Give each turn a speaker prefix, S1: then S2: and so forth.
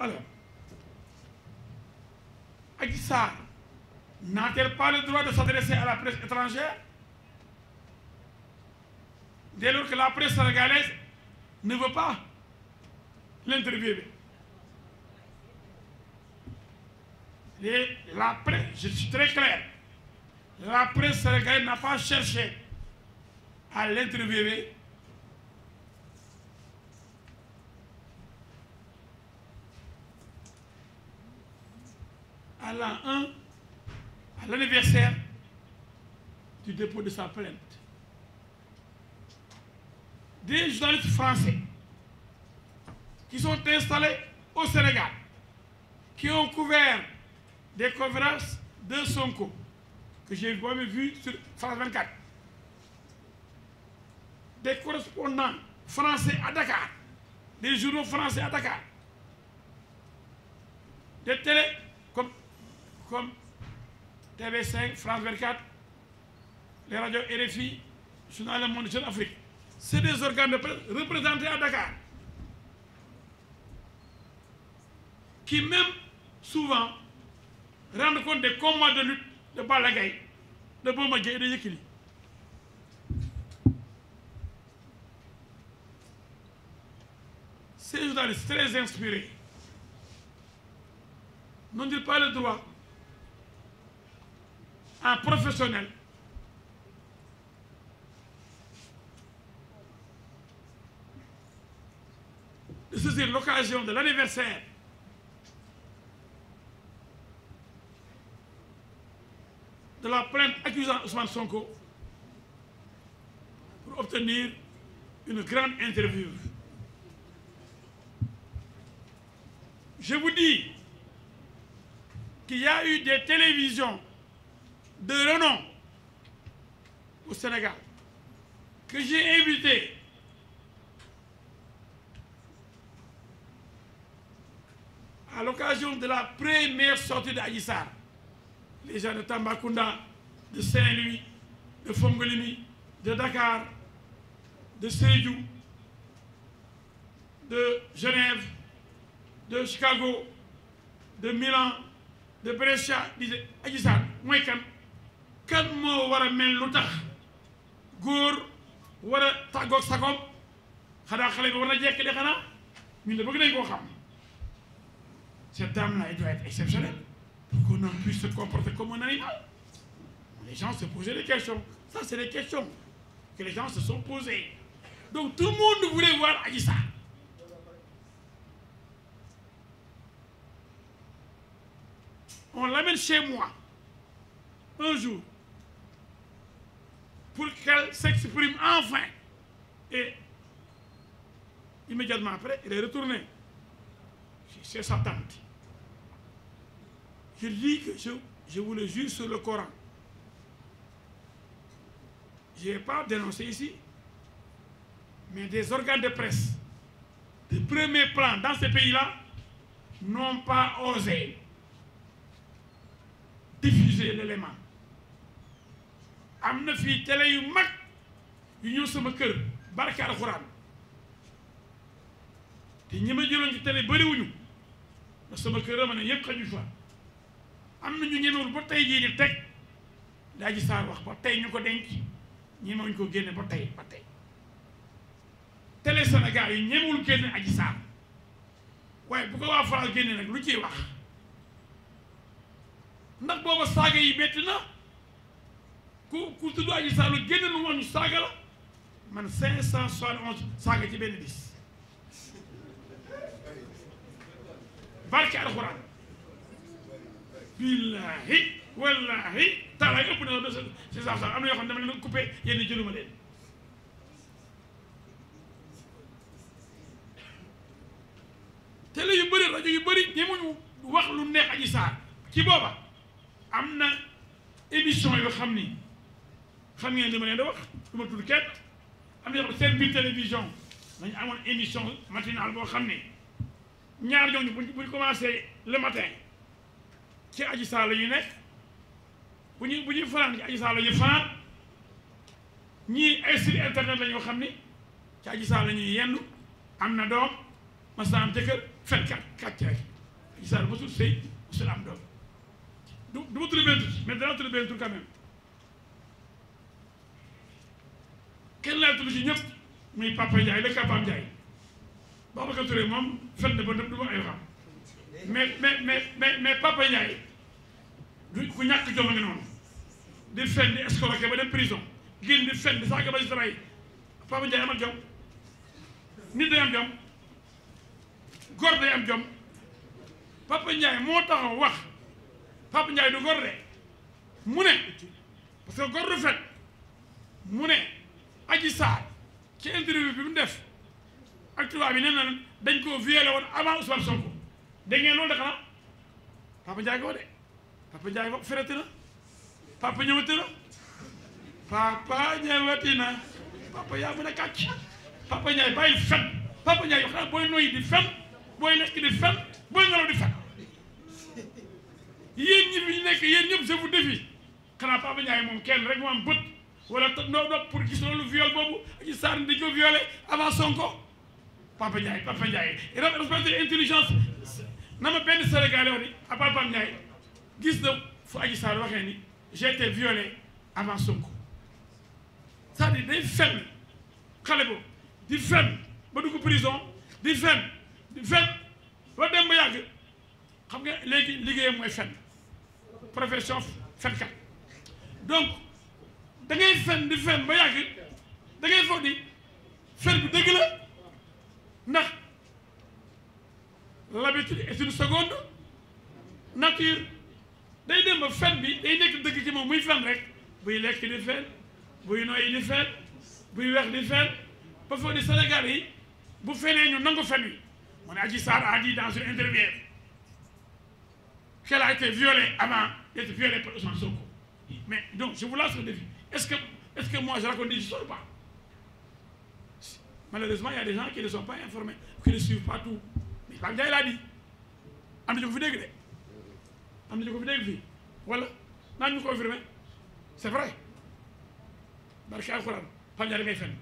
S1: Alors, Agissar n'a-t-elle pas le droit de s'adresser à la presse étrangère dès lors que la presse sénégalaise ne veut pas l'interviewer Et la presse, je suis très clair, la presse sénégalaise n'a pas cherché à l'interviewer à l'an 1, à l'anniversaire du dépôt de sa plainte. Des journalistes français qui sont installés au Sénégal, qui ont couvert des conférences de Sonko, que j'ai jamais vu sur Des correspondants français à Dakar, des journaux français à Dakar, des télés comme TV5 France 24 les radios RFI Journal Le Monde Jeune Afrique c'est des organes de presse représentés à Dakar qui même souvent rendent compte des combats de lutte de Balla Gaye de Bomba Dieng et de Yékini ces journalistes très inspirés n'ont-ils pas le droit en professionnel de saisir l'occasion de l'anniversaire de la plainte accusant Ousmane Sonko pour obtenir une grande interview. Je vous dis qu'il y a eu des télévisions de renom au Sénégal que j'ai invité à l'occasion de la première sortie de Sarr les gens de Tambacounda de Saint-Louis de Fongolimi de Dakar de Sédhiou de Genève de Chicago de Milan de Brescia disaient Adji Sarr mooy kan moo war a mel lu tax góor war a tàggoog sagoom xanaa xale bi war na jekk de xanaa ñun de bëgg nañ koo xam cette dame-là doit pour qu'on en puisse comporter comme un animal les gens se posaient des questions c'est des questions que les gens se sont posées donc tout le monde voulait voir Adji Sarr on l'amène chez moi un jour pour qu'elle s'exprime enfin. Et immédiatement après, il est retourné chez sa tante. Je dis que je, vous le jure sur le Coran. Je n'ai pas dénoncé ici, mais des organes de presse de premier plan dans ces pays-là n'ont pas osé diffuser l'élément am na fii télé yu mag yu ñëw sama kër barke alxuraan te ñi ma jëloon ci télé bëriwuñu ba sama kër ma ne yëpp xaju fa am na ñu ñemewul ba tey jii di teg daa ji wax ba tey ñu ko denc ñemewuñ ko génne ba tey ba tey télé Sénégal yi ñemewul génne aji waaye bu ko waa faral génne nag lu ciy wax ndax booba saaga yi betti na ku ku tudd Adji Sarr lu génn nu wax ñu saaga la man cinq cent soixante onze saaga ci benn bis barke alxuraan billaahi wallaahi taala ëpp na la cinq cent soixante am na yoo xam ne dama leen coupé yéen jëluma leen télé yu bëri rajo yu bëri ñemuñu wax lu neex Adji Sarr ci booba am na émission yoo xam ni xam ngeen li ma leen di wax du ma tudd kenn am na yoo seen biir télévision dañu amoon émission matinale boo xam ne ñaar ñooñu buñ buñ commencé le matin ci aji saala nekk bu ñuy bu ñuy fanaan ci aji saala yu fanaan ñii ay site internet la ñoo xam ni ci aji saala ñuy yenn am na doom mas na am jëkkër fenkat kàcceer aji saala mosul sëy mosul am doom du du ma benn tur mais danaa tudd benn tur quand kenn laa tudd si ñëpp muy Papa Ndiaye la Papa Ndiaye Babacar Touré moom fen na ba dem du ma ay xam mais mais mais mais Papa Ndiaye du ku ñàkk jom a ngi noonu di fen di escroquer ba dem prison génn di fen di saaga ba si dara yi jom nit day am jom góor day am jom Papa moo taxaw wax Papa du góor de mu ne parce que góor du fen mu ne Adji Sarr ci interview bi mu def ak tubaab bi nee na dañ koo violé woon avant Ousmane Sonko dégg ngeen loolu de xanaa Papa Ndiaye ko de Papa Ndiaye ko ferati na Papa ñëwati na Papa ñëwati na Papa yaa mën a kàcc Papa Ndiaye bàyyi fen Papa booy noyyi di fen booy lekk di fen booy ngelaw di fen yéen ñi fi ñu nekk yéen ñëpp je vous Papa Ndiaye moom kenn rek moo bët. wala noo nopp pour gis loolu viol boobu Adji Sarr dañ ko violé avant Sonko Papa Ndiaye Papa Ndiaye respecté intelligence na ma benn Sénégalais wax Papa Ndiaye gis na fu Adji Sarr waxee ni j'ai été avant Sonko c'est-à-dire day fen xale boobu di fen ba dugg prison di fen di fen ba dem ba yàgg xam nga léegi liggéeyam mooy fen profession fenkat donc da ngay fen di fen ba yàgg da ngay foog di fen bi dëgg la ndax l'habitude est une seconde nature day dem ba fen bi day nekk dëgg ci moom muy fen rek buy lekk di fen buy noyyi di fen buy weex di fen ba foog di Sénégal yi bu fenee ñu nangu fen wi mu ne Adji Sarr a dit dans une interview qu'elle a été violée avant d'être violée par Ousmane Sonko mais donc je vous lance le défi Est-ce que, est-ce que moi je raconte des histoires ou pas Malheureusement, il y a des gens qui ne sont pas informés, suivent pas Mais Pape Ndiaye l'a dit. am ko fi dégg de am na ñu ko fi dégg fii wala naan ñu confirmé c'est vrai barke